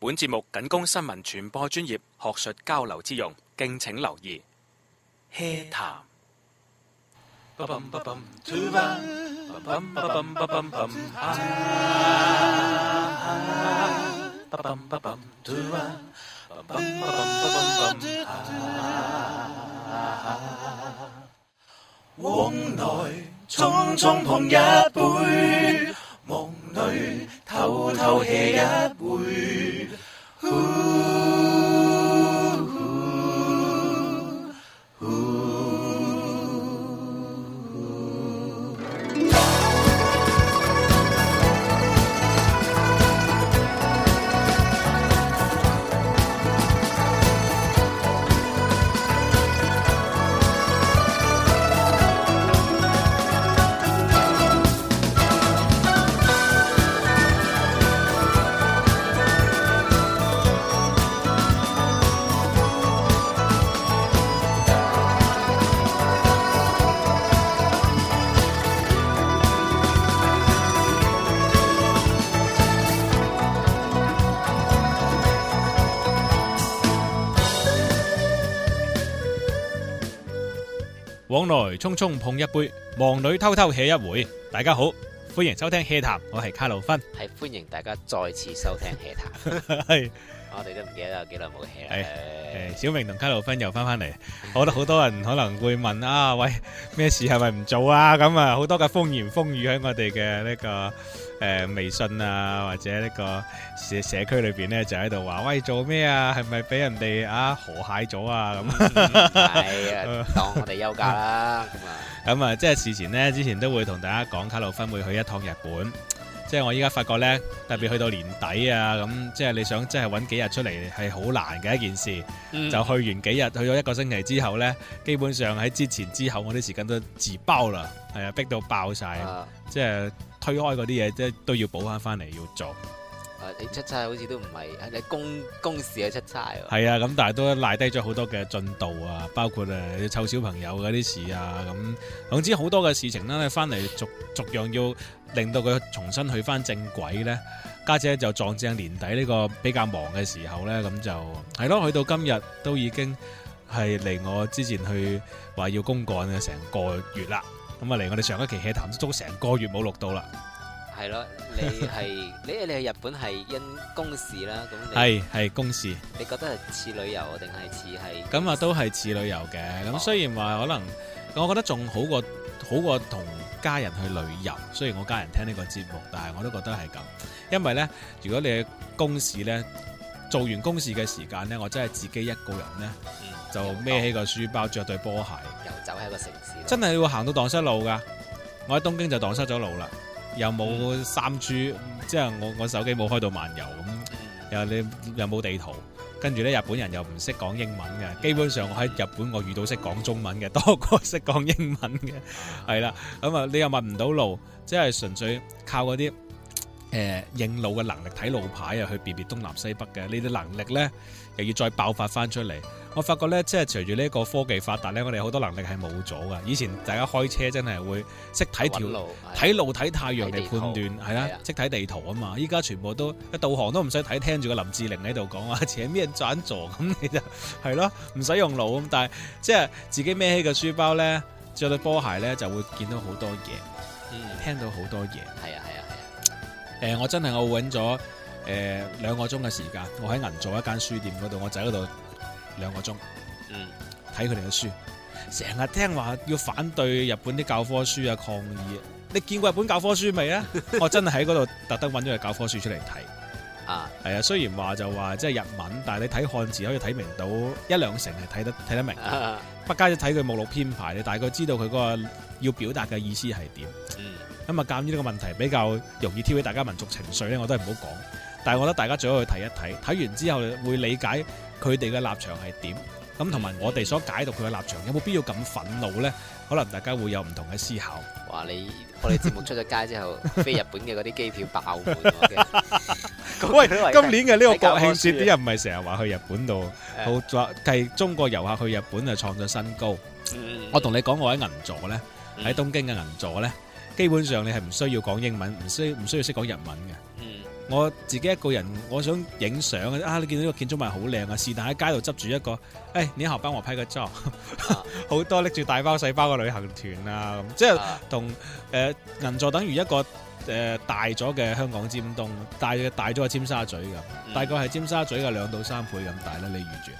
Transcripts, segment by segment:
本節目僅供新聞傳播專業、學術交流之用，敬請留意。嘿談。往來匆匆碰一杯。夢裏偷偷喝一杯。來匆匆碰一杯，忙裏偷偷吃一回。大家好，歡迎收聽《吃談》，我係卡路芬，係歡迎大家再次收聽《吃談》。 我哋都唔記得有幾耐冇 hea 小明同卡路芬又翻翻嚟，我都 好多人可能會問啊，喂，咩事係咪唔做啊？咁啊，好多嘅風言風語喺我哋嘅呢個誒、呃、微信啊，或者呢個社社區裏邊咧，就喺度話喂，做咩啊？係咪俾人哋啊河蟹咗啊？咁係啊、嗯， 當我哋休假啦。咁啊，咁啊，即係事前呢，之前都會同大家講，卡路芬會去一趟日本。即係我依家發覺咧，特別去到年底啊，咁即係你想即係揾幾日出嚟係好難嘅一件事。嗯、就去完幾日，去咗一個星期之後咧，基本上喺之前之後，我啲時間都自爆啦，係啊，逼到爆晒。即係推開嗰啲嘢，即係都要補翻翻嚟要做。你出差好似都唔係，你公公事去出差喎。係啊，咁、啊、但係都賴低咗好多嘅進度啊，包括誒、啊、湊小朋友嗰啲事啊，咁總之好多嘅事情呢、啊，翻嚟逐逐樣要令到佢重新去翻正軌咧。家姐，姐就撞正年底呢個比較忙嘅時候咧，咁就係咯，去、啊、到今日都已經係離我之前去話要公幹嘅成個月啦。咁啊，嚟我哋上一期戲談都成個月冇錄到啦。係咯，你係 你你去日本係因公事啦，咁係係公事。你覺得係似旅遊定係似係？咁啊，都係似旅遊嘅。咁雖然話可能，我覺得仲好過好過同家人去旅遊。雖然我家人聽呢個節目，但係我都覺得係咁。因為咧，如果你係公事咧，做完公事嘅時間咧，我真係自己一個人咧，嗯、就孭起個書包，着、嗯、對波鞋，遊走喺個城市。真係會行到蕩失路噶，我喺東京就蕩失咗路啦。又冇三 G，即係我我手機冇開到漫遊咁，又你又冇地圖，跟住咧日本人又唔識講英文嘅。基本上我喺日本我遇到識講中文嘅多過識講英文嘅，係啦，咁、嗯、啊你又問唔到路，即係純粹靠嗰啲。誒，認、呃、路嘅能力，睇路牌啊，去辨別東南西北嘅呢啲能力咧，又要再爆發翻出嚟。我發覺咧，即係隨住呢一個科技發達咧，我哋好多能力係冇咗噶。以前大家開車真係會識睇條路睇路，睇太陽嚟判斷，係啦，識睇地圖啊嘛。依家全部都導航都唔使睇，聽住個林志玲喺度講啊，扯咩人贊助咁，你就係咯，唔使用腦咁，但係即係自己孭起個書包咧，着對波鞋咧，就會見到好多嘢，嗯、聽到好多嘢，係啊。誒、呃，我真係我揾咗誒兩個鐘嘅時、時間，我喺銀座一間書店嗰度，我仔嗰度兩個鐘，嗯，睇佢哋嘅書，成日聽話要反對日本啲教科書啊抗議，你見過日本教科書未啊？ 我真係喺嗰度特登揾咗個教科書出嚟睇，啊，係、嗯、啊、呃，雖然話就話即係日文，但係你睇漢字可以睇明到一兩成係睇得睇得明白，不加就睇佢目錄編排，你大概知道佢嗰個要表達嘅意思係點。嗯咁啊，鑒於呢個問題比較容易挑起大家民族情緒咧，我都係唔好講。但係我覺得大家最好去睇一睇，睇完之後會理解佢哋嘅立場係點。咁同埋我哋所解讀佢嘅立場，有冇必要咁憤怒呢？可能大家會有唔同嘅思考。話你我哋節目出咗街之後，飛 日本嘅嗰啲機票爆滿。 我我喂，今年嘅呢個國慶節，啲人唔係成日話去日本度，好計、欸、中國遊客去日本就創咗新高。嗯嗯，我同你講，我喺銀座呢，喺、嗯、東京嘅銀座呢。基本上你係唔需要講英文，唔需唔需要識講日文嘅。嗯、我自己一個人，我想影相啊！你見到呢個建築物好靚啊！是但喺街度執住一個，誒、哎，你後班我批個 job，好多拎住大包細包嘅旅行團啊，咁、啊、即係同誒銀座等於一個誒、呃、大咗嘅香港尖東，大大咗個尖沙咀咁，嗯、大概係尖沙咀嘅兩到三倍咁大啦。你預住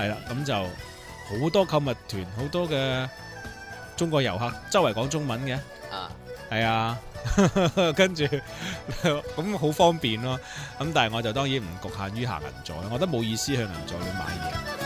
係啦，咁、嗯、就好多購物團，好多嘅中國遊客，周圍講中文嘅啊。係啊，呵呵，跟住咁好方便咯。咁但係我就當然唔局限於行銀座，我都冇意思去銀座裏買嘢。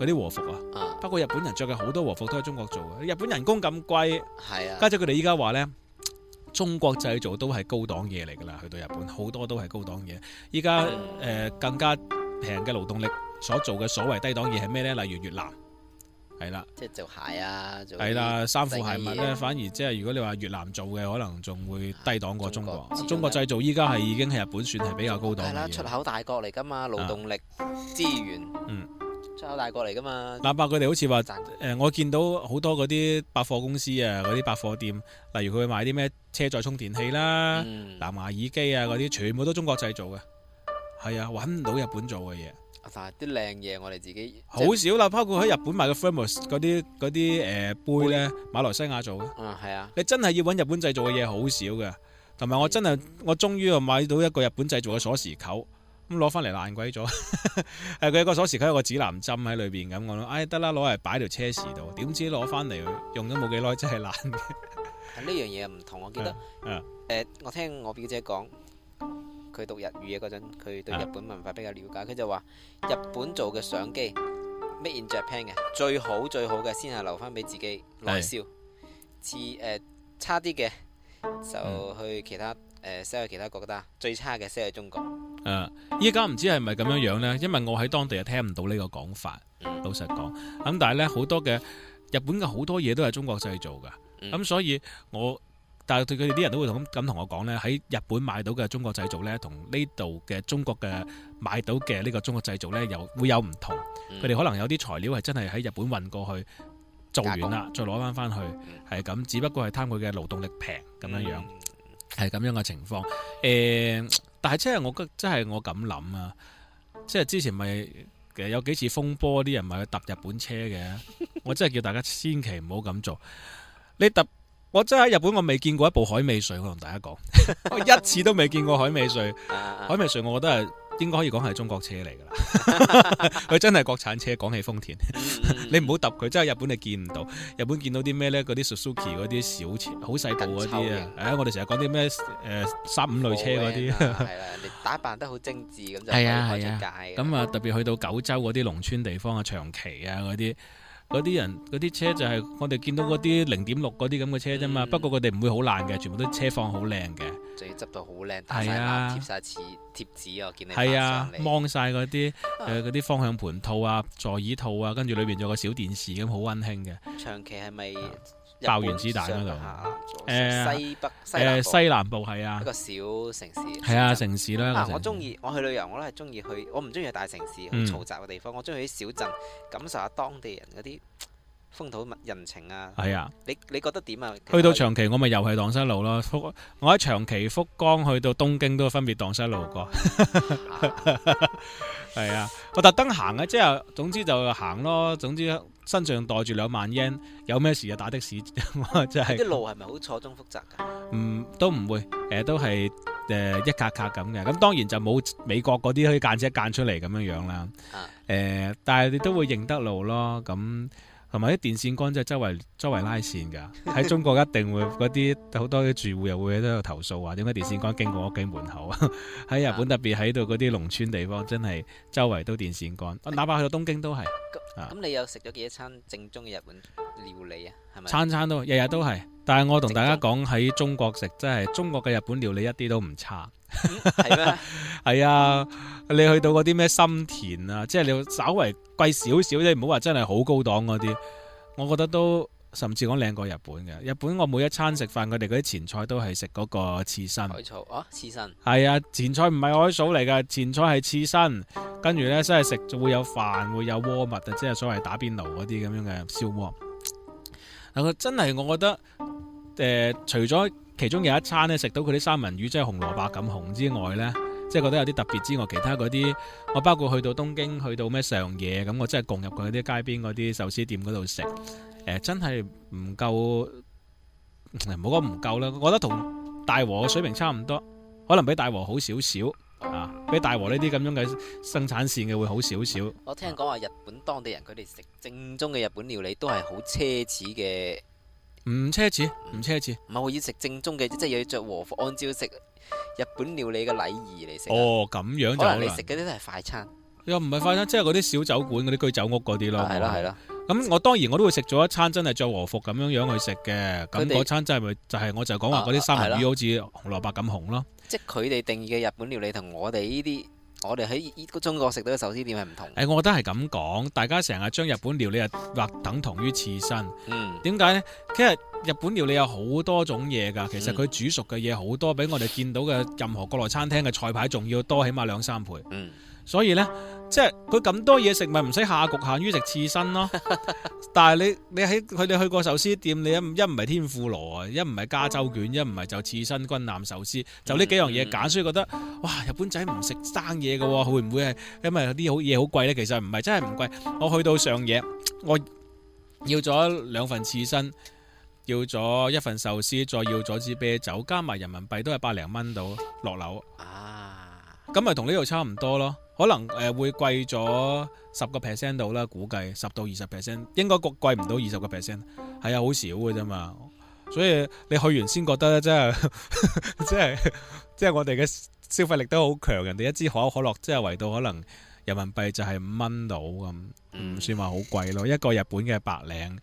嗰啲和服啊，不過、啊、日本人着嘅好多和服都係中國做嘅，日本人工咁貴，係啊，加上佢哋依家話咧，中國製造都係高檔嘢嚟噶啦，去到日本好多都係高檔嘢。依家誒更加平嘅勞動力所做嘅所謂低檔嘢係咩咧？例如越南係啦，即係做鞋啊，係啦，衫褲鞋襪咧，反而即、就、係、是、如果你話越南做嘅，可能仲會低檔過中國。啊、中國製造依家係已經係日本算係比較高檔嘅，出口大國嚟噶嘛，勞動力、啊、資源嗯。出口大國嚟㗎嘛？哪怕佢哋好似話誒，我見到好多嗰啲百貨公司啊，嗰啲百貨店，例如佢買啲咩車載充電器啦、啊、嗯、藍牙耳機啊嗰啲，全部都中國製造嘅。係啊，搵唔到日本做嘅嘢。但係啲靚嘢我哋自己好少啦，即包括喺日本買嘅 Firmus 嗰啲啲誒杯咧，嗯、馬來西亞做嘅。嗯、啊，係啊。你真係要搵日本製造嘅嘢，好少嘅。同埋我真係，的我終於又買到一個日本製造嘅鎖匙扣。咁攞翻嚟爛鬼咗，係 佢一個鎖匙，佢有個指南針喺裏邊咁，我諗，唉、哎，得啦，攞嚟擺條車匙度。點知攞翻嚟用咗冇幾耐，真係爛嘅。呢樣嘢唔同，我記得，誒、呃，我聽我表姐講，佢讀日語嘅嗰陣，佢對日本文化比較了解，佢的就話日本做嘅相機，made in Japan 嘅最好最好嘅先係留翻俾自己內銷，的似誒、呃、差啲嘅就去其他誒 sell 去、嗯呃、其他國家，最差嘅 sell 去中國。誒，依家唔知係咪咁樣樣呢？因為我喺當地又聽唔到呢個講法，老實講。咁但係呢，好多嘅日本嘅好多嘢都係中國製造㗎。咁、嗯、所以我，但係佢哋啲人都會咁咁同我講呢，喺日本買到嘅中國製造呢，同呢度嘅中國嘅買到嘅呢個中國製造呢，又會有唔同。佢哋可能有啲材料係真係喺日本運過去，做完啦，再攞翻翻去，係咁。只不過係貪佢嘅勞動力平咁樣樣，係咁、嗯、樣嘅情況。誒、欸。但係真係我覺，即係我咁諗啊！即係之前咪有幾次風波，啲人咪去搭日本車嘅，我真係叫大家千祈唔好咁做。你搭我真係喺日本，我未見過一部海味稅，我同大家講， 我一次都未見過海味稅。海味稅我覺得係。應該可以講係中國車嚟噶啦，佢真係國產車。講起豐田，嗯、 你唔好揼佢，真係日本你見唔到。日本見到啲咩咧？嗰啲 Suzuki 嗰啲小車，好細部嗰啲啊。誒、啊，我哋成日講啲咩誒三五類車嗰啲，係啦、啊， 你打扮得好精致咁就開下車界。咁啊，特別去到九州嗰啲農村地方啊，長崎啊嗰啲，嗰啲人嗰啲車就係我哋見到嗰啲零點六嗰啲咁嘅車啫嘛。嗯、不過佢哋唔會好爛嘅，全部都車況好靚嘅。就要執到好靚，貼晒紙貼紙啊！見你係啊，裝曬嗰啲誒啲方向盤套啊、座椅套啊，跟住裏邊仲有個小電視咁，好温馨嘅。長期係咪爆完子彈度？誒西北西誒西南部係啊，一個小城市係啊，城市啦。我中意我去旅遊，我都係中意去，我唔中意去大城市、好嘈雜嘅地方，我中意去啲小鎮，感受下當地人嗰啲。風土人情啊，係啊，你你覺得點啊？去到長期我咪又係蕩失路咯。我喺長期福岡去到東京都分別蕩失路過，係啊， 啊，我特登行嘅，即係總之就行咯。總之身上袋住兩萬日圓，有咩事就打的士。即係啲路係咪好錯綜複雜㗎？唔、嗯、都唔會，誒、呃、都係誒、呃、一格格咁嘅。咁當然就冇美國嗰啲可以間車間出嚟咁樣樣啦。誒、啊呃，但係你都會認得路咯。咁、嗯同埋啲電線杆即係周圍周圍拉線㗎，喺中國一定會嗰啲好多啲住戶又會喺度投訴話點解電線杆經過屋企門口啊？喺 日本特別喺度嗰啲農村地方真係周圍都電線杆，哪怕去到東京都係。咁是、啊、你又食咗幾多餐正宗嘅日本料理啊？係咪？餐餐都、日日都係。但係我同大家講喺宗中國食，真係中國嘅日本料理一啲都唔差。係咩？係、嗯、 啊！你去到嗰啲咩心田啊，即係你稍微貴少少啫，唔好話真係好高檔嗰啲。我覺得都甚至講靚過日本嘅。日本我每一餐食飯，佢哋嗰啲前菜都係食嗰個刺身。海草哦，刺身係啊！前菜唔係海草嚟嘅，前菜係刺身。跟住呢，真係食會有飯，會有鍋物啊，即係所謂打邊爐嗰啲咁樣嘅燒鍋。佢 真係我覺得誒、呃，除咗。其中有一餐咧食到佢啲三文魚，即係紅蘿蔔咁紅之外呢，即係覺得有啲特別之外，其他嗰啲我包括去到東京，去到咩上野咁，我真係共入佢啲街邊嗰啲壽司店嗰度食，誒，真係唔夠，唔好講唔夠啦，我覺得同大和水平差唔多，可能比大和好少少啊，比大和呢啲咁樣嘅生產線嘅會好少少。我聽講話日本當地人佢哋食正宗嘅日本料理都係好奢侈嘅。唔奢侈，唔奢侈，唔係我要食正宗嘅，即係要着和服，按照食日本料理嘅禮儀嚟食。哦，咁樣就可能，可能你食嗰啲都係快餐，又唔係快餐，嗯、即係嗰啲小酒館嗰啲居酒屋嗰啲咯。係咯係咯。咁我，、啊、我當然我都會食咗一餐，真係着和服咁樣樣去食嘅。咁嗰們餐真係咪就係、是、我就講話嗰啲三文魚好似紅蘿蔔咁紅咯？啊啊、即係佢哋定義嘅日本料理同我哋呢啲。我哋喺呢個中國食到嘅壽司店係唔同。誒，我覺得係咁講，大家成日將日本料理啊，或等同於刺身。嗯。點解呢？其實日本料理有好多種嘢㗎，其實佢煮熟嘅嘢好多，嗯、比我哋見到嘅任何國內餐廳嘅菜牌仲要多，起碼兩三倍。嗯。所以呢，即係佢咁多嘢食，咪唔使下局限於食刺身咯。 但係你你喺佢哋去過壽司店，你一唔一唔係天婦羅啊，一唔係加州卷，一唔係就刺身、軍艦壽司，就呢幾樣嘢揀，嗯、所以覺得。哇！日本仔唔食生嘢嘅，會唔會係，因為啲好嘢好貴呢？其實唔係，真係唔貴。我去到上野，我要咗兩份刺身，要咗一份壽司，再要咗支啤酒，加埋人民幣都係百零蚊到落樓。啊！咁咪同呢度差唔多咯，可能誒會貴咗十個 percent 度啦，估計十到二十 percent，應該貴唔到二十個 percent，係啊，好少嘅啫嘛。所以你去完先覺得咧，真係，真係，真係我哋嘅。消費力都好強，人哋一支可口可樂，即係維到可能人民幣就係五蚊到咁，唔算話好貴咯。一個日本嘅白領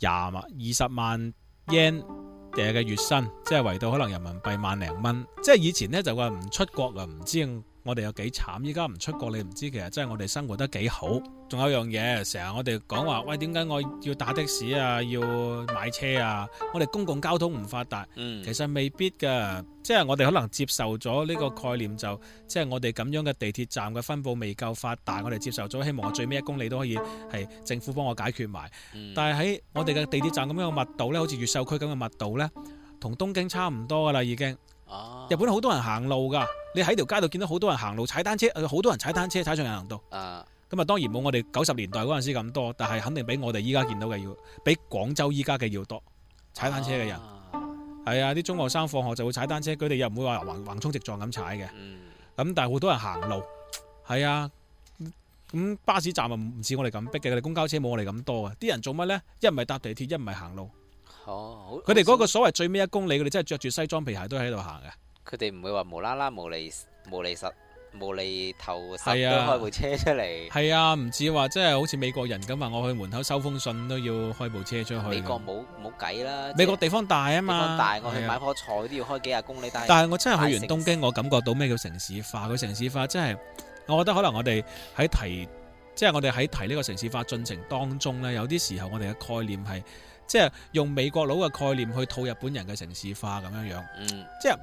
廿萬二十萬 yen 嘅月薪，即係維到可能人民幣萬零蚊。即係以前呢，就話唔出國啊，唔知。我哋有幾慘，依家唔出國你唔知，其實真係我哋生活得幾好。仲有一樣嘢，成日我哋講話，喂，點解我要打的士啊，要買車啊？我哋公共交通唔發達，嗯、其實未必噶，即係我哋可能接受咗呢個概念，就即係我哋咁樣嘅地鐵站嘅分布未夠發達，我哋接受咗，希望我最尾一公里都可以係政府幫我解決埋。嗯、但係喺我哋嘅地鐵站咁樣嘅密度呢，好似越秀區咁嘅密度呢，同東京差唔多噶啦，已經。日本好多人行路噶，你喺條街度見到好多人行路，踩單車，好多人踩單車踩上人行道。咁啊，當然冇我哋九十年代嗰陣時咁多，但係肯定比我哋依家見到嘅要，比廣州依家嘅要多踩單車嘅人。係啊，啲、啊、中學生放學就會踩單車，佢哋、嗯、又唔會話橫橫衝直撞咁踩嘅。咁、嗯、但係好多人行路，係啊，咁巴士站啊唔似我哋咁逼嘅，佢哋公交車冇我哋咁多啊。啲人做乜呢？一唔係搭地鐵，一唔係行路。好、佢哋嗰個所謂最尾一公里，佢哋真係着住西裝皮鞋都喺度行嘅。佢哋唔會話無啦啦無厘無厘實無厘頭，開部車出嚟。係啊，唔似話即係好似美國人咁話，我去門口收封信都要開部車出去。美國冇冇計啦！了是美國地方大啊嘛，地方大我去買棵菜，啊、都要開幾廿公里。但係我真係去完東京，我感覺到咩叫城市化？個城市化即係，我覺得可能我哋喺提即係我哋喺提呢個城市化進程當中咧，有啲時候我哋嘅概念係即係用美國佬嘅概念去套日本人嘅城市化咁樣樣。嗯、即係。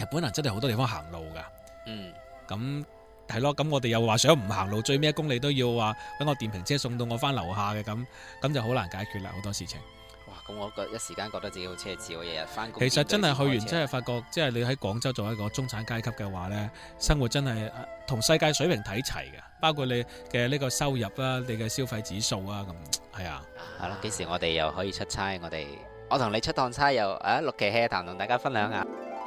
日本人真係好多地方行路噶，嗯，咁係咯，咁我哋又話想唔行路，最尾一公里都要話俾個電瓶車送到我翻樓下嘅，咁咁就好難解決啦，好多事情。哇，咁我覺一時間覺得自己好奢侈，我日日翻工。其實真係去完真係發覺，即係你喺廣州做一個中產階級嘅話呢，生活真係同世界水平睇齊嘅，包括你嘅呢個收入啦，你嘅消費指數啊，咁係啊，係啦。幾時我哋又可以出差？我哋我同你出趟差又啊，六期 hea 談同大家分享下。嗯